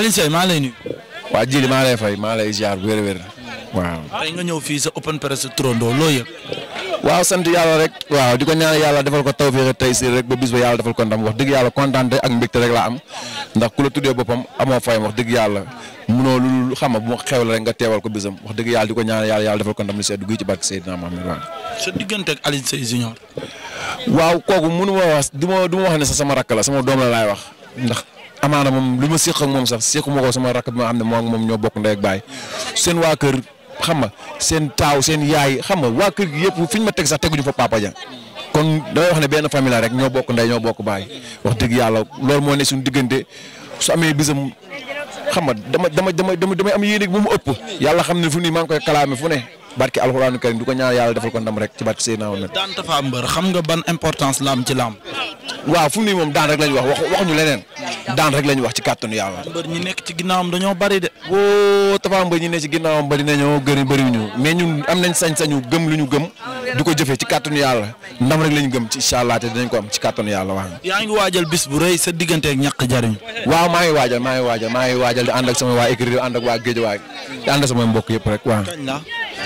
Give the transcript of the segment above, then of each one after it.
Alioune Seye maa lay nuyu. waa Djily maa lay fay maa lay ziar waaw fii sa open press Trondoo loo yëg. waaw sant yàlla rek. waaw di ko ñaan yàlla defal ko tawféex tey si rek ba bis ba defal ko ndam wax dëgg yàlla kontaan ak mbégte rek laa am ndax ku la tuddee boppam amoo fay wax dëgg yàlla munoo lu xam bu ma xew la rek nga teewal ko bisam wax dëgg yàlla di ko ñaan yàlla yàlla defal ko ndam li sedd guy ci barke Seydina Mohamed waaw. sa diggante ak Alioune Seye Junior. waaw kooku mënu ma wax du ma du ma wax ne sa sama rakk la sama doom laay wax ndax amaana moom lu ma séq ak moom sax séquma ko sama rakk bi ma xam ne moom ñoo bokk ndey ak baay seen waa kër xam nga seen taaw seen yaay xam nga waa kër gi yëpp fi ñu ma teg sax teguñu fa Papa Dia kon damay wax ne benn famille rek ñoo bokk ndey ñoo bokk baay wax dëgg yàlla loolu moo ne suñu diggante su amee bisam xam nga dama dama dama damay am yéene bu mu ëpp yàlla xam ne fu nii maa ngi koy kalaame fu ne. barke alxuraanu karim di ko ñaan yàlla defal ko ndam rek ci barke Seydina Mohamed. daan Tapha Mbeur xam nga ban importance la am ci lamb. waaw fu mu moom daan rek lañ wax wax waxuñu leneen hmm. daan rek lañ wax ci kàttanu yàlla. mbër ñi nekk ci ginnaawam dañoo bari de. woo Tapha Mbeur ne ci ginnaawam bari nañoo gën a bëriwuñu mais ñun am nañ sañ-sañu gëm lu ñu gëm du ko jëfee ci kàttanu yàlla ndam rek lañ gëm ci incha allah te dinañ ko am ci kàttanu yàlla wax. waajal bis bu rëy sa diggante ak ñàkk jariñ. waaw maa ngi waajal maa ngi waajal maa ngi waajal di ànd ak sama waa écurie di ànd ak waa géej waay di ànd ak sama mbokk yëpp rek waaw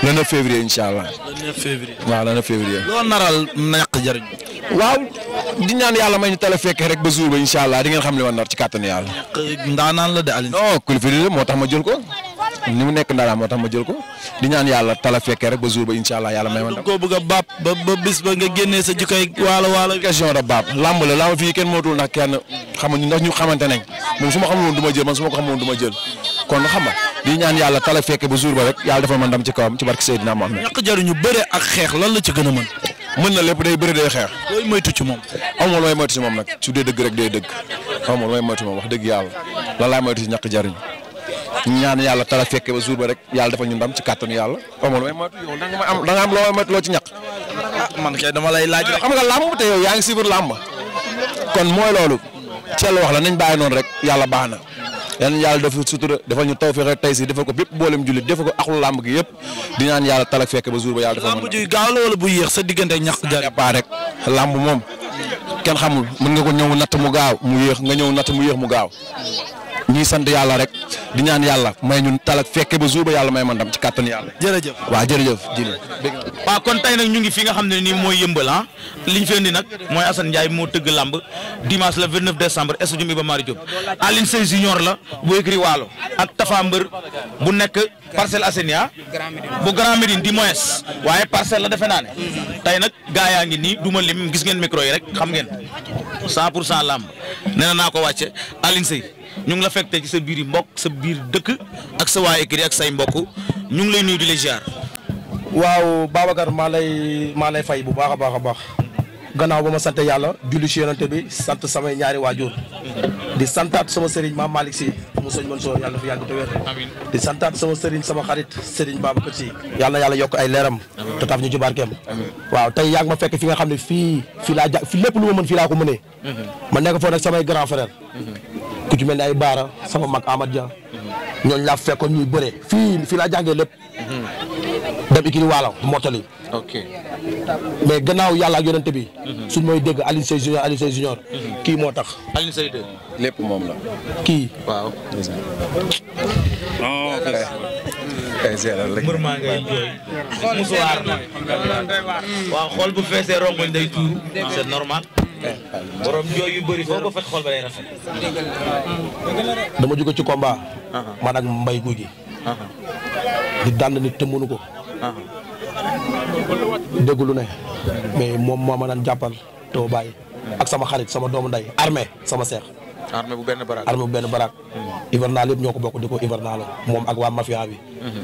le 9 février incha allah. le 9 février waaw le 9 février. loo naral ñàkk jariñ. waaw di ñaan yàlla may ñu tala fekk rek ba jour ba incha allah di ngeen xam li ma nar ci kàttanu yàlla. ndaanaan la de Alioune. non kilifa moo tax ma jël ko. ni mu nekk ndaanaan moo tax ma jël ko di ñaan yàlla tala fekkee rek ba jour ba incha yàlla may ma. ko bëgg a baab ba ba bis ba nga génnee sa jikkoy waalo waalo. question de baab làmb la làmb fii kenn mootul ndax kenn xamuñu ndax ñu xamante nañ moom su ma xamul woon du ma jël man su ma ko xamul woon du ma jël kon xam nga ñaan yàlla tala fekkee ba jour ba rek yàlla dafa ma ndam ci kawam ci barke Seydina Mohamed. ñàkk jaruñu bëre ak xeex lan la ci gën a mën. mën na lépp day bëri day xeex. looy moytu ci moom. amul may moytu ci moom nag su dee dëgg rek day dëgg amul may moytu moom wax dëgg yàlla lan laay moytu ci jariñ ñaan yàlla tala fekke ba jour ba rek yàlla dafa ñu ndam ci kàttanu yàlla amul may moytu yow da nga am da nga am loo moytu loo ci ñàkk ah dama lay laaj xam nga làmb te yow yaa ngi suivre làmb kon mooy loolu wax la nañ bàyyi noonu rek yàlla baax na yal yàlla dafa sutura dafa ñu tawfeex rek tey ko bépp boolem jullit dafa ko axlu làmb gi yëpp di ñaan yàlla tala fekke ba jour ba yàlla dafa mën làmb la wala yéex sa diggante ñàkk ja rek làmb moom kenn xamul mën nga ko ñëw natt mu gaaw mu yéex nga ñëw natt mu yéex mu gaaw ñuy sant yàlla rek di ñaan yàlla may ñun talak fekke ba suuba yàlla may man dam ci kàttan yàlla. jërëjëf waaw jërëjëf jili waaw kon tey nag ñu ngi fi nga xam ne ni mooy yëmbal ah liñ fi indi nag mooy Assane Ndiaye moo tëgg làmb dimanche le 29 décembre stade Iba Mar Diop Alioune Sèye junior la bu écrit waalo ak Tafa Mbër bu nekk Parcelles Assainies ah. bu Grand Médine di Moes waaye parcelle la defe naa ne tey nag gaa yaa ngi nii duma lim gis ngeen micro yi rek xam ngeen 100 pour cent làmb na naa ko wàcce Alioune ñu ngi la fekk te ci sa biir mbokk sa biir dëkk ak sa waa écurie ak say mbokk ñu ngi lay nuyu di la waaw Babacar maa lay maa lay fay bu baax a baax a baax. gannaaw ba ma sant yàlla julli ci yonante bi sant samay ñaari waajur mhm. di santaat sama sëriñ maam Malick Sy mu sëñ man soo yàlla fi yàgg te wér di santaat sama sëriñ sama xarit sëriñ Babacar si yàlla yàlla yokk ay leeram te taaf ñu ci barkeem waaw tey yaa ngi ma fekk fi nga xam ne fii fii laa ja fi lépp lu ma mën fi laa ko mënee mhm. ma nekk foofu nag samay grand frère mhm. ku ci mel ni ay Baara sama mag Amad Dia ñooñu laa fekkoon ñuy bëre fii fii laa jàngee lépp. dem ikiri waalaw mottali. mais gannaaw yàlla ak bi. Mhm. suñ mooy dégg Alioune Seye junior Alioune mhm. kii moo tax. Alioune Seye de lépp moom la. kii waaw. ay seeral eh, eh, xool bu feesee rongoñ day tuuru c'est normal. borom jooy yu ci komba man ak mbay guy di di dànd nit te mënu ko. dégg lu ne. mais moom moo ma daan jàppal te bàyyi. ak sama xarit sama doomu nday armée sama seex. armée bu benn baraak armée bu benn baraak. Hmm. hivernal yëpp ñoo ko bokk di ko hivernal moom ak waa mafia bi. Hmm.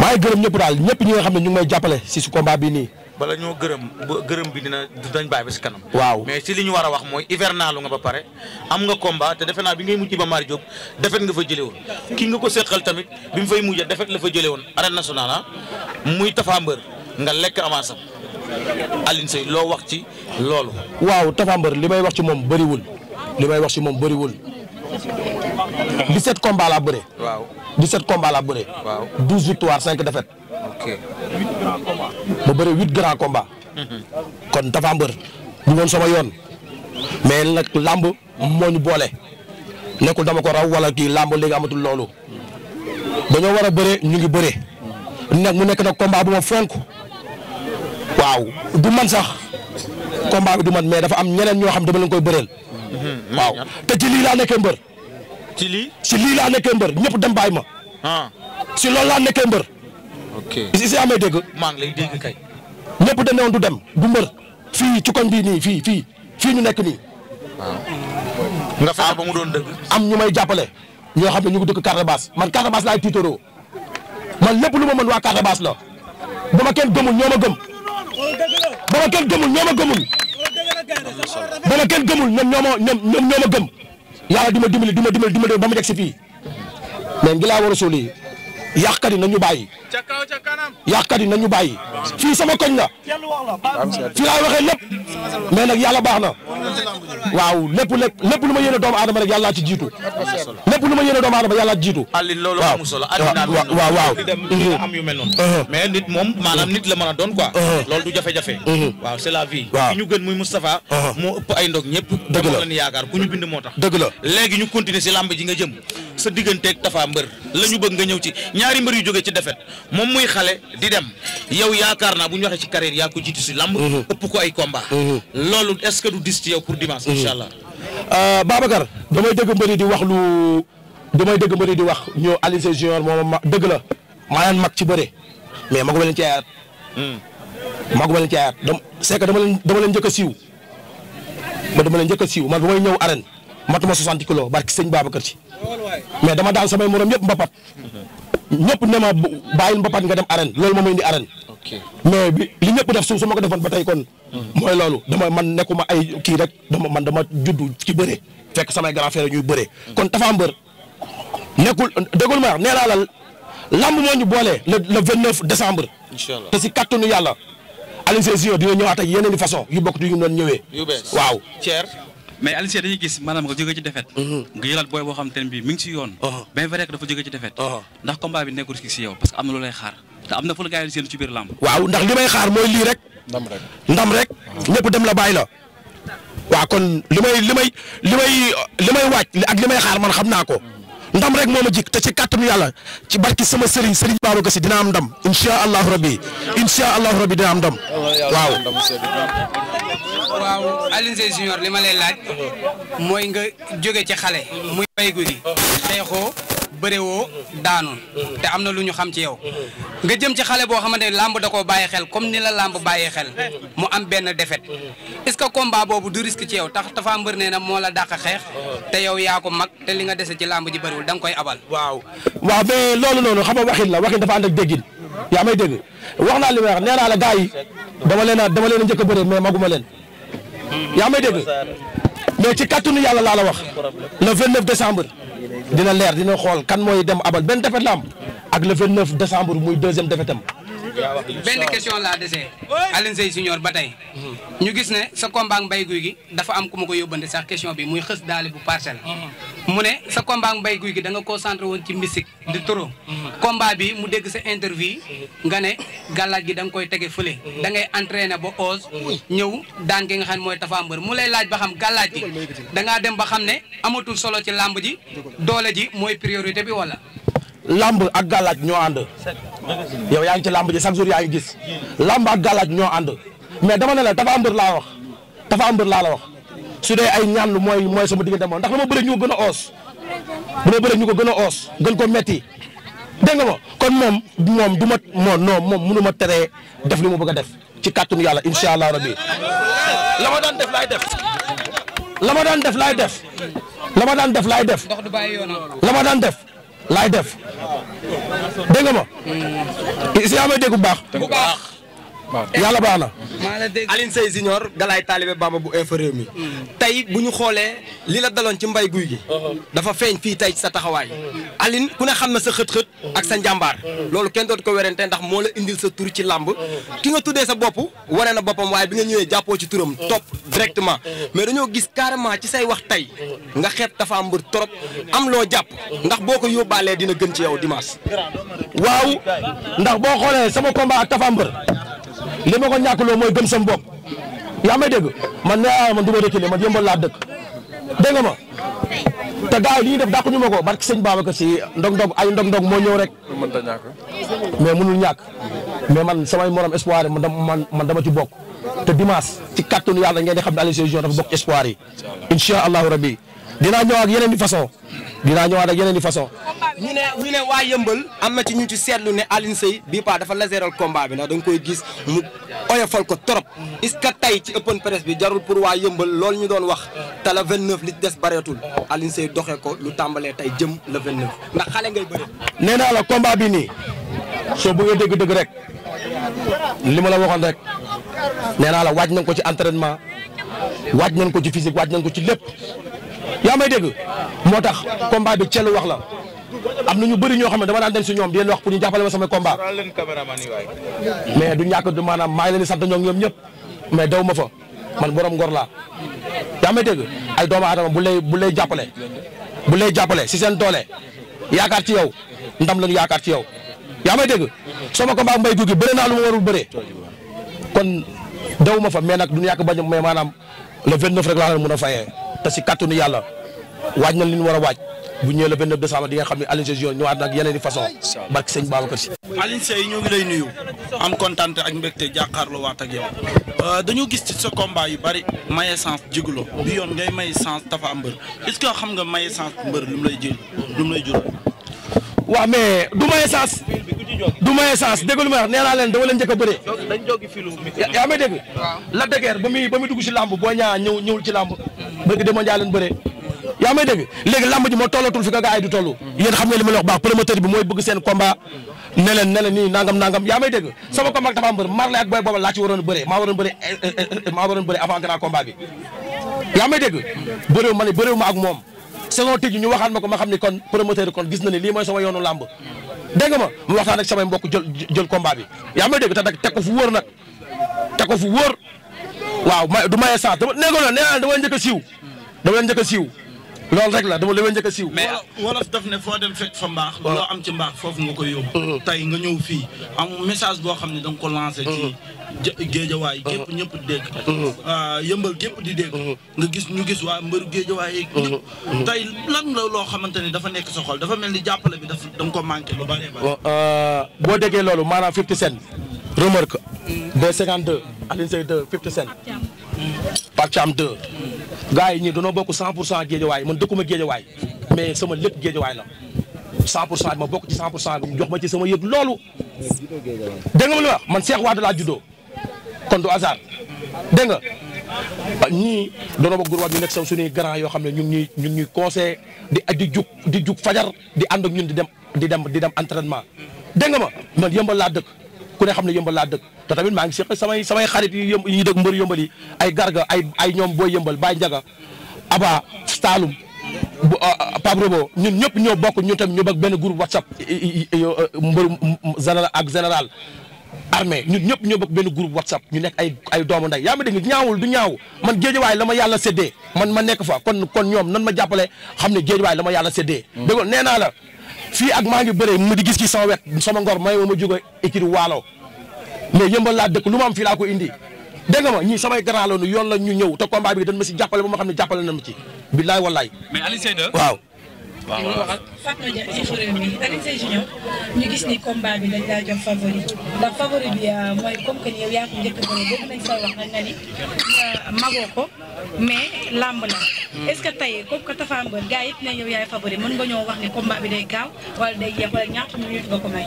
maa gërëm ñëpp daal ñëpp ñi nga xam ne ñu ngi may jàppale si si combat bi nii. bala ñoo gërëm ba bi dina dañ bàyyi ba si kanam. waaw mais si li ñu war a wax mooy hivernalu nga ba pare am nga combat te defe naa bi ngay mujj ba Mari Diop defet nga fa jëlee woon. ki nga ko seqal tamit bi mu fay mujjee defet la fa jëlee woon arène nationale ah muy Tapha Mbeur nga lekk avance am Alioune Seye loo wax ci loolu. waaw Tapha li may wax ci moom bëriwul li may wax ci moom bëriwul 17 combats laa bëree. waaw 17 combats laa bëree. waaw 12 victoires 5 défaites. ba bëri huit grand komba kon Tapha Mbeur bu ngoon sama yoon mais nag làmb moo boole nekkul dama ko raw wala kii làmb léegi amatul loolu dañoo war a bëre ñu ngi bëre nag mu nekk nag combat bu ma fonk waaw du man sax combat bi du man mais dafa am ñeneen ñoo xam dama leen koy bëreel mhm. waaw te ci lii laa nekkee mbër ci lii ci lii laa nekkee mbër ñëpp dem ma si ah. loolu laa nekkee mbër ok si si amee dégg. maa ngi lay dégg kay. ñëpp dañ ne woon du dem du fii ci koñ bii nii fii fii fii ñu nekk nii. waaw. nga fexe ba mu doon dëgg. am ñu may jàppale ñoo xam ne ñu ngi dëkk carte basse man carte basse laay tiitaroo man lépp lu ma mën waa carte basse la ba ma kenn gëmul ñoo ma gëm ba ma kenn gëmul ñoo ma gëmul ba ma kenn gëmul ñoom ñoo ma ñoom ñoom ñoo ma gëm yàlla di ma dimbali di ma dimbali di ma ba mu yegg si fii mais ngi laa war a suul yàqkat yi nañu bàyyi yàqkat yi nañu bàyyi fii sama koñ la fii laay waxee lépp mais nag yàlla baax na waaw lépp lépp lépp lu ma yéene doomu aadama rek yàlla ci jiitu ma mhm. mhm. a doon quoi. Mhm. moo ëpp ay la lan yaakaar ku ñu bind moo tax. dëgg la léegi ñu continuer si làmb ji nga jëm sa digganteeg Tafa mbër la ñu bëgg nga ñëw ci ñaari mbër yu jógee ci defet moom muy xale di dem yow yaakaar naa bu ñu waxee ci carrière yaa ko jiitu si làmb. ëpp ko ay combat. loolu est-ce que du dis ci yow pour dimanche. incha allah euh, Babacar damay dégg mbëri di wax lu damay dëgg mbëri di wax ñoo Alioune Junior moom ma dëgg la maa mag ci bëre mais maguma leen ci ayaat. Hmm. maguma leen ci ayaat dama c'est que dama njëkk a siiw ba dama leen njëkk a siiw man may ñëw arène matuma 60 kilos barki sëñ Babacar ci mais dama daan samay morom yëpp mbapat ñëpp ne ma bàyyil mbapat nga dem arène loolu moom may indi arène. mais li ñëpp def su su ma ko defoon ba tey kon. Hmm. mooy loolu dama man nekkuma ay kii rek dama man dama juddu ci bëre fekk samay grand frère ñuy bëre hmm. kon dafa am bër nekkul dëggul ma nee naa la lamb moo ñu boole le le vingt neuf décembre. incha allah te si kattanu yàlla Alioune Sèye Junior dina ñëwaat ak i façon yu bokk yu ñu doon ñëwee. waaw Thier. mais Alioune mhm. ngi si yoon. Mhm. bien vrai que dafa jóge ci defet mhm. ndax combat bi nekkul si yow parce que am na lu xaar te am na fu la gars yi seen biir lamb. waaw ndax li xaar mooy lii rek. ndam rek ndam dem la bàyyi la. waaw kon li may waaj ak li xaar man xam naa ko ndam rek moo a jikk te ci kàttanu yàlla ci barki sama sëriñ sëriñ Babacar Sy dina am ndam incha allahu rabi incha allahu rabi dina am ndam waaw. waaw Alioune Seye Junior li ma lay laaj. mooy nga jóge ci xale. muy mbéy gu gi. bëre woo daanu te am na lu ñu xam ci yow nga jëm ci xale boo xamante ne làmb da koo bàyyi xel comme ni la làmb bàyyi xel mu am benn defet est-ce que combat boobu du risque ci yow tax Tapha Mbeur nee na moo la dàq xeex te yow yaa ko mag te li nga dese ci làmb ji bëriwul da nga koy abal waaw waaw mais loolu noonu xam nga waxin la waxin dafa ànd ak déggin yaa may dégg wax naa li may wax nee naa la gars yi dama leen a dama leen a njëkk a bëre mais maguma leen yaa may dégg mais ci kàttanu yàlla laa la wax le 29 dina leer dina xool kan mooy dem abal benn défaite la am ak le 29 décembre muy deuxième défaite am benn question laa dese Alioune Seye Junior ba tey. Mhm. ñu gis ne sa combat ak Mbaye gi dafa am ku ma ko yóbbante sax question bi muy xës daale bu parcelle. Mhm. mu ne sa combat ak Mbaye gi Gui da nga concentré woon ci mystique di trop. Mhm. combat bi mu dégg sa interview nga ne gàllaaj gi danga koy tege fële. da ngay entraîné ba ose. ñëw daan ki nga xam ne mooy Tapha mu lay laaj ba xam gàllaaj gi da ngaa dem ba xam ne amatul solo ci làmb ji doole ji mooy priorité bi wala. làmb ak galaaj ñoo ànd yow yaa ngi ci làmb ji chaque jour yaa ngi gis lamb ak galaaj ñoo ànd mais dama ne la dafa mbër laa wax dafa mbër laa la wax su dee ay ñaan mooy mooy sama diggante moom ndax dama bëri ñu ko gën a oos dama bëri ñu ko gën a oos gën ko metti dégg nga ma kon moom moom du ma moom non moom mënu ma tere def li ma bëgg def ci kàttanu yàlla incha allah rabbi la ma daan def laay def la ma daan def laay def la ma daan def laay def la ma daan def laay def dégg nga ma. Hmm. is yaa may dégg bu baax. bu baax. waaw yàlla baax na. Alioune Seye Junior Galaye Talibé Bamba bu info réew mi. Hmm. tey bu ñu xoolee li la daloon ci mbay guy gi. Uh-huh. dafa feeñ fii tey sa taxawaay. Uh-huh. alin ku ne xam na sa xët-xët. Uh-huh. ak sa njàmbaar. loolu kenn dootu ko werante ndax moo la indil sa tur ci làmb. ki nga tuddee sa bopp wane na boppam waaye bi nga ñëwee jàppoo ci turam. topp directement mais dañoo gis carrément ci say wax tey nga xeeb Tapha Mbeur trop am loo jàpp ndax boo ko yóbbaalee dina gën ci yow dimanche. waaw sama combat li ko ko ñàkkloo mooy gëm sam bopp yaa may dégg man nee naa ah, man du ma reculer man yëmbal laa dëkk dégg nga ma te gars yi li ñuy def dàqu ñu ma ko barki sëñ Babacar si ndog-ndog ay ndog-ndog moo ñëw rek. mais mënul ñàkk mais man samay morom espoir man man man dama ci bokk te dimanche ci kàttanu yàlla ngeen di xam ne Alioune Seye Junior dafa bokk espoir yi incha allahu rabi. dinaa ñëwaat ak yeneen façon dinaa ñëwaat ak yeneen i façon. ñu ne ñu ne waa yëmbal am na ci ñu ci seetlu ne Alioune Seye bii paa dafa laseeral combat bi ndax da nga koy gis mu oyofal ko trop est-ce que tey ci open press bi jarul pour waa yëmbal loolu ñu doon wax te le 29 li des bareetul Alioune Seye doxee ko lu tàmbalee tey jëm la le 29 ndax xale ngay bëri. nee naa la combat bi nii soo bëggee dégg dëgg rek li ma la rek nee naa la waaj nañ ko ci entraînement waaj nañ ko ci physique nañ ko ci lépp. yaa may dégg moo tax combat bi cell wax la am na ñu bëri ñoo xam ne dama naan dem si ñoom di leen wax pour ñu jàppale ma sama combat mais du ñàkk du maa ngi leen sant ñoom ñoom ñëpp mais daw ma fa man borom ngor laa yaa ma dégg ay doomu aadama bu lay bu lay jàppale bu lay jàppale si seen doole yaakaar ci yow ndam lañu yaakaar ci yow yaa may dégg sama combat mbay guugi bëri naa lu ma warul bëree kon daw ma fa mais nag du ñàkk bañ mais maanaam le 29 rek laa leen mën a faye te si kattanu yàlla waaj nañ li ñu war a waaj bu ñëwee le 29 décembre di nga xam ne Alioune Seye Junior ñëwaat nag yeneen i façon barke sëñ Babacar Si Alioune Seye ñoo ngi lay nuyu am kontaan ak mbégte jàkkaarloo waat ak yow euh, dañu gis ci sa combat yu bari maye chance jiguloo bi yoon ngay maye chance dafa am mbër est-ce que xam nga maye chance mbër lu mu lay jël lu mu lay jur waaw mais du maye chance du may essence dégg lu may wax nee naa leen dama leen njëkk a bëree. dégg. la dëgër ba muy ba muy dugg ci làmb boo ñaa ñëw ñëwul ci làmb. bëgg dama njaa leen bëree. dégg léegi làmb ji moo tollatul fi ka gars du toll. yéen xam nga li ma la wax baax promoteur bi mooy bëgg seen combat. ne leen ne leen nii nangam nangam yaa may dégg sama combat ak Tapha Mbeur Marley ak Boy Baol laa waroon bëree maa waroon eh, eh, eh, bëree avant grand combat bi. yaa dégg bëréew ma ne bëréew ak moom saison tëj ñu waxaat ma ko ma xam ne kon promoteur kon gis na lii mooy sama dégg nga ma mu waxtaan ak samay mbokk jël jël combat bi yaa may dégg te nag teg ko fu wóor nag teg ko fu wóor waaw may du maye saas dama nee ko nee naa da njëkk a siiw dama njëkk a siiw loolu rek la dama li ma njëkk a siiw. mais wolof daf ne foo dem fekk fa mbaax. loo am ci mbaax foofu nga koy yóbbu. Mm-hmm. tey nga ñëw fii am message boo xam ne da nga ko lancé. ci mm-hmm. géejawaay gépp mm-hmm. ñëpp dégg. yëmbal gépp di dégg. Euh, nga gis ñu gis waa mbëru géejawaay waaye tey lan la loo xamante ni dafa nekk sa xol dafa mel ni jàppale bi daf da ko manqué lu bari bari. Euh, boo déggee loolu maanaam 50 cent. remarque. B52 mm. Alioune Seye 2 50 cent. Pape Thiam 2. gars yi ñii dañoo bokk 100 pour cent géejawaay man dëkkuma géejawaay mais sama lépp géejawaay la 100 pour cent ma bokk ci 100 pour cent jox ma ci sama yëg loolu. dégg nga ma li wax man Cheikh Wade laa juddoo kon du hasard dégg nga ñii doona ba gurwaat ñu nekk saw suñuy grand yoo xam ne ñu ngi ñuy ñu ñuy conseil di di jug di jug fajar di ànd ak ñun di dem di dem di dem entraînement dégg nga ma man yëmbal laa dëkk ku ne xam ne yëmbal laa dëkk te tamit maa ngi seq samay samay xarit yu yë yi dëkk mbër yëmbal yi ay garga ay ñoom booy yëmbal Baye Ndiaga Aba Stalum bu ah, ah, Pape Robo ñun ñëpp ñoo bokk ñun tam ñu bokk benn groupe WhatsApp euh, mbër général ak général armée ñun ñëpp ñoo bokk benn groupe WhatsApp ñu nekk ay ay doomu nday yaa ma dégg ñaawul du ñaaw man géejewaay la ma yàlla séddee man ma nekk fa kon kon ñoom nan ma jàppale xam ne géejewaay la ma yàlla séddee. Mm. dégg nee la. fii ak maa ngi bëree mu di gis ci sama wet sama ngor may ma ma jóg a écrir waalo mais yëmbal laa dëkk lu ma am fii laa ko indi dégg nga ma ñi sama garaan la yoon la ñu ñëw te combat bi dañ ma si jàppale ba ma xam ne jàppale na ma ci billaay wallaay. mais Alioune Seye waaw. waaw waaw waral gis ni combat bi dañ laa jox favori ndax favori bi euh, mooy a bëri dégg euh, ko mais làmb hmm. ce que tey comme que Tapha Mbeur gars yëpp ne bi day gaaw wala day yéex wala ñaata minute nga ko may.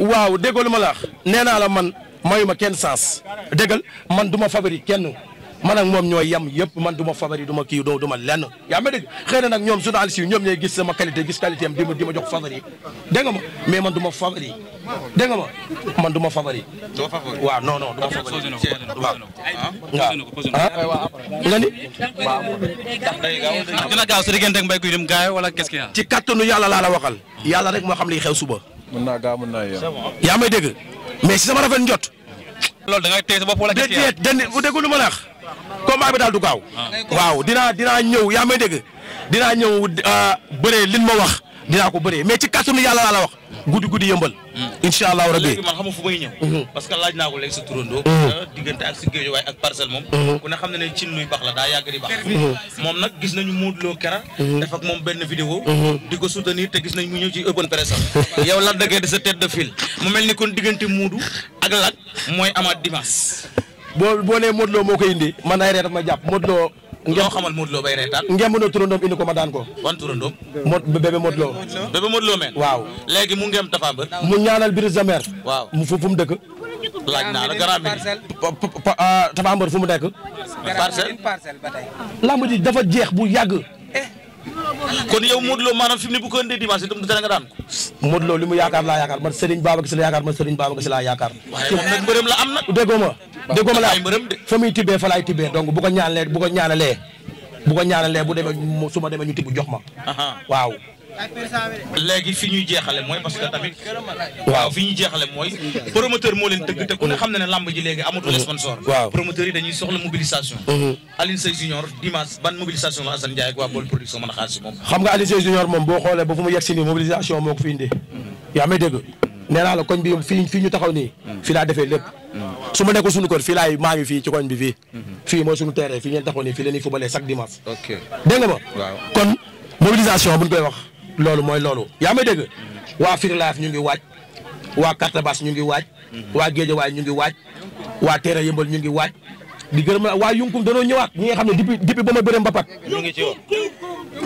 waaw ma la wax nee naa la man mayuma kenn sens déggal man duma favori kenn. man moom ñooy yem yëpp man du ma favori du ma kii doo du ma lenn ma dégg xëy na nag ñoom journaliste yi ñoom ñooy gis sama qualité gis qualité am di ma di ma jox favori dégg nga ma man du ma favori dégg nga ma no du ma favori. doo favori waaw non non du ma favori. waaw waaw nga ni. waaw. dina gaaw sa diggante ak mbay guy a. ci kattanu yàlla laa waxal. yàlla rek moo xam liy xew suba. mën naa gaaw mën naa yeew. yaa may dégg mais si sama rafet njot. loolu da ngay téye sa bopp wala quest ma la combat bi daal du gaaw. Ah. waaw dinaa dinaa ñëw yaa may dégg dinaa ñëw euh, bëree lin ma wax dinaa ko bëree mais ci kàttanu yàlla laa la wax. guddi guddi yëmbal. Hmm. incha allahu rabi léegi man xam nga fu may ñëw. Hmm. parce que laaj naa ko léegi sa turandoo. Hmm. Euh, diggante ak si géej waaye ak parcelle moom. ku ne xam na ne cin luy baax la daa yàgg di baax. moom nag gis nañu Modou Lo kera. def moom benn vidéo. di ko soutenir te gis nañ mu ñëw ci open press yow la dëggee de sa tête de file mu mel kon diggante Modou ak Lac mooy amaat dimanche. boo boo nee Modou Lo moo ko indi man ay reetam ma jàpp Modou Lo. ngeen xamal Modou Lo bay reetaan. ngeen mën a turandoom indi ko ma daan ko. wan turandoom. Mod bébé Modou Lo. meen. waaw léegi mu ngem Tapha Mbeur. mu ñaanal Brise de mu fu mu dëkk. laaj naa la grand parcelle. Ah, Tapha Mbeur fu mu nekk. parcelle parcelle ba tey. lamb ji dafa jeex bu yàgg. Eh. kon yow Modou Lo maanaam fi mu ne bu ko indee dimanche itam daan ko. Modou yaakaar laa yaakaar man Serigne Babacar Sy la yaakaar man Serigne Babacar Sy laa yaakaar. waaye moom nag mbërëm la am dégg nga ma laaj fa muy tibbee fa laay tibbee donc bu ko ñaanalee bu ko ñaanalee bu ñaanalee bu demee su ma demee ñu tibb jox ma. waaw. léegi fi ñuy jeexale mooy parce que tamit. waaw fi mooy. promoteur moo leen dëgg te ku ne xam na ne lamb ji léegi amatul mhm. sponsor. waaw promoteur yi dañuy soxla mobilisation. Mhm. Alioune Seye Junior dimanche ban mobilisation la Assane Ndiaye ak waa Baol Production mën a xaar moom. xam nga Alioune Seye Junior moom boo xoolee ba fu mu yegg nee naa la koñ bi fii ñu taxaw ni fii laa defee lépp. su ma nekkul suñu ko fii laay maa ngi fii ci koñ bi fii. fii mooy suñu teree fii ngeen taxaw nii fii la ñuy footballé chaque dimanche. ok dégg nga ma. kon mobilisation buñ koy wax loolu mooy loolu. yaa ma dégg waa Firlaaf ñu ngi waaj waa Kartabas ñu ngi waaj. waa Géejawaay ñu ngi waaj. waa Teera Yëmbal ñu ngi waaj. di gërëm waa Yunkum danoo ñëwaat ñi nga xam ne depuis depuis ba ma bëree Mbapat. ñu ngi ci woon.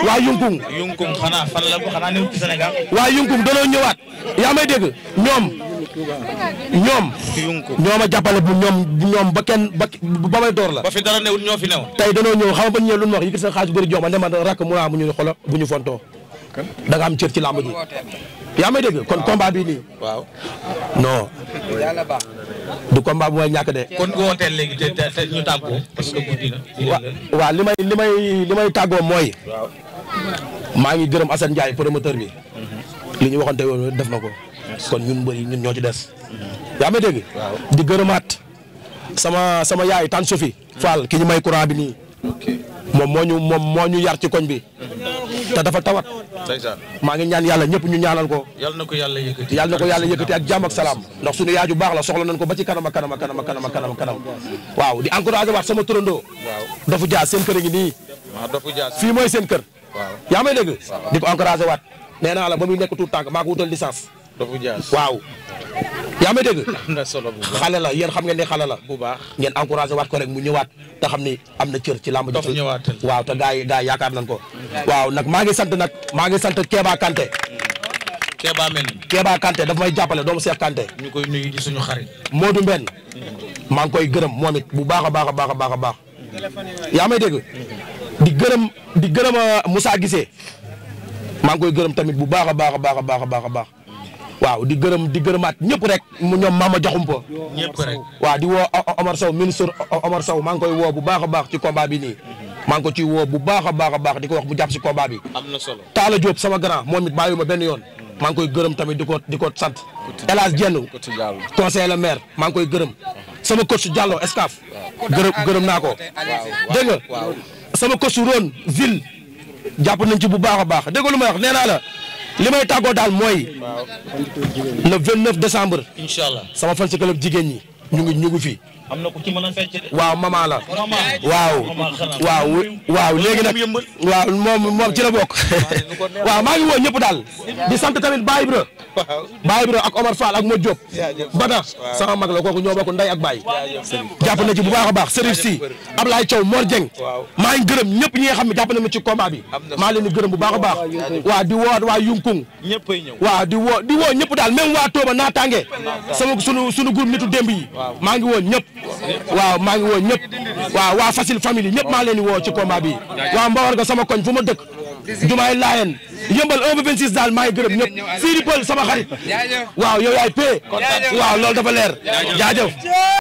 waa Yunkum. Yunkum xanaa fan la xanaa néew ci Sénégal. waa Yunkum danoo ñëwaat yaa may dégg ñoom ñoom ñoom a jàppale bu ñoom ñoom ba kenn ba ba may door la ba fi dara newul ñoo fi new tey danoo ñëw xam nga ba ñëw lu ñu wax yëkkati seen xaalis bëri jox ma ne bu ñu fontoo da nga am cër ci làmb ji yaa may dégg kon combat bi nii waaw non du combat bu may ñàkk de kon wooteel léegi te te ñu tàggoo parce li may li may li may tàggoo mooy maa ngi gërëm Assane Ndiaye promoteur bi li ñu waxante woon def na ko. kon ñun mbëri ñun ñoo ci des. yaa ma dégg. di gërëmaat sama sama yaay tànn Sophie. Fall ki ñu may courant bi nii. moom moo ñu moom moo ñu yar ci koñ bi. te dafa tawat. maa ngi ñaan yàlla ñëpp ñu ñaanal ko. yàlla na ko yàlla yëkkati yàlla na ko yàlla yëkkati ak jàmm ak salaam. ndax suñu yaay ju baax la soxla nañ ko ba ci kanama ak kanam ak kanam ak kanam waaw di encouragé waat sama turandoo. waaw Dofu Dia seen kër a ngi nii. waaw Dofu fii mooy seen kër. waaw yaa may dégg. di ko encouragé waat. nee naa la ba muy nekk tout tànk maa ko wutal licence. waaw. yaa may dégg. xale la yéen xam ngeen ne xale la. bu baax ngeen encouragé waat ko rek mu ñëwaat te xam ni am na cër ci làmb ji. waaw te gars yi gars yi yaakaar nañ ko. waaw nag maa ngi sant nag. maa ngi sant Kéba Kanté. Kéba men Kéba Kanté daf may jàppale doomu seex kante ñu koy nuyu di suñu xarit. Modou Mbène. maa ngi koy gërëm moom it bu baax a baax a baax a baax a baax. yaa may dégg. di gërëm di gërëm euh, Moussa Guissé. maa ngi koy gërëm tamit bu baax a baax a baax a baax a baax waaw di gërëm di gërëmaat ñëpp rek mu ñoom ma Diakhoumpa. ñëpp rek waaw di woo Omar Sow ministre Omar Sow maa ngi koy woo bu baax a baax ci combat bi nii. maa ngi ko ciy woo bu baax a baax a baax di ko wax mu jàpp si combat bi. am na solo Talla Diop sama grand moom it bàyyiwuma benn yoon. maa ngi koy gërëm tamit di ko di ko sant. El Hadj Dieng conseiller le maire maa ngi koy gërëm. sama coach Diallo Escaf. gërëm gërëm naa ko. dégg sama coach Rone ville. jàpp nañ ci bu baax a baax dégg lu may wax nee naa la li may tàggoo daal mooy le 29 décembre. incha allah sama fan si club jigéen ñi ñu ngi ñu ngi am na ku ci mën a waaw mama la. waaw waaw waaw léegi nag waaw moom moom ci la bokk. waaw maa ngi woo ñëpp daal. di sant tamit Baye Ibra. Baye Ibra ak Omar Fall ak Modou Diop. Bada sama mag la kooku ñoo bokk nday ak baay jàpp na ci bu baax a baax Serif Si Ablaye Thiaw Mor Dieng. maa ngi gërëm ñëpp ñi nga xam ne na nañu ci combat bi. maa leen di gërëm bu baax a baax. waa di woo waa Yunkung. waa di woo di woo ñëpp daal même waa Tooba naataange. sama sunu sunu groupe nitu démb yi. maa ngi woo ñëpp waaw maa ngi woo ñëpp waaw waa facile famille ñëpp maa leen di woo ci combat bi waaw mbawar nga sama koñ fu ma dëkk jumaay laayeen yëmbal 1 ba 26 daal maa ngi gërëm ñëpp Sidi Pël sama xarit waaw yow yaay waaw loolu dafa leer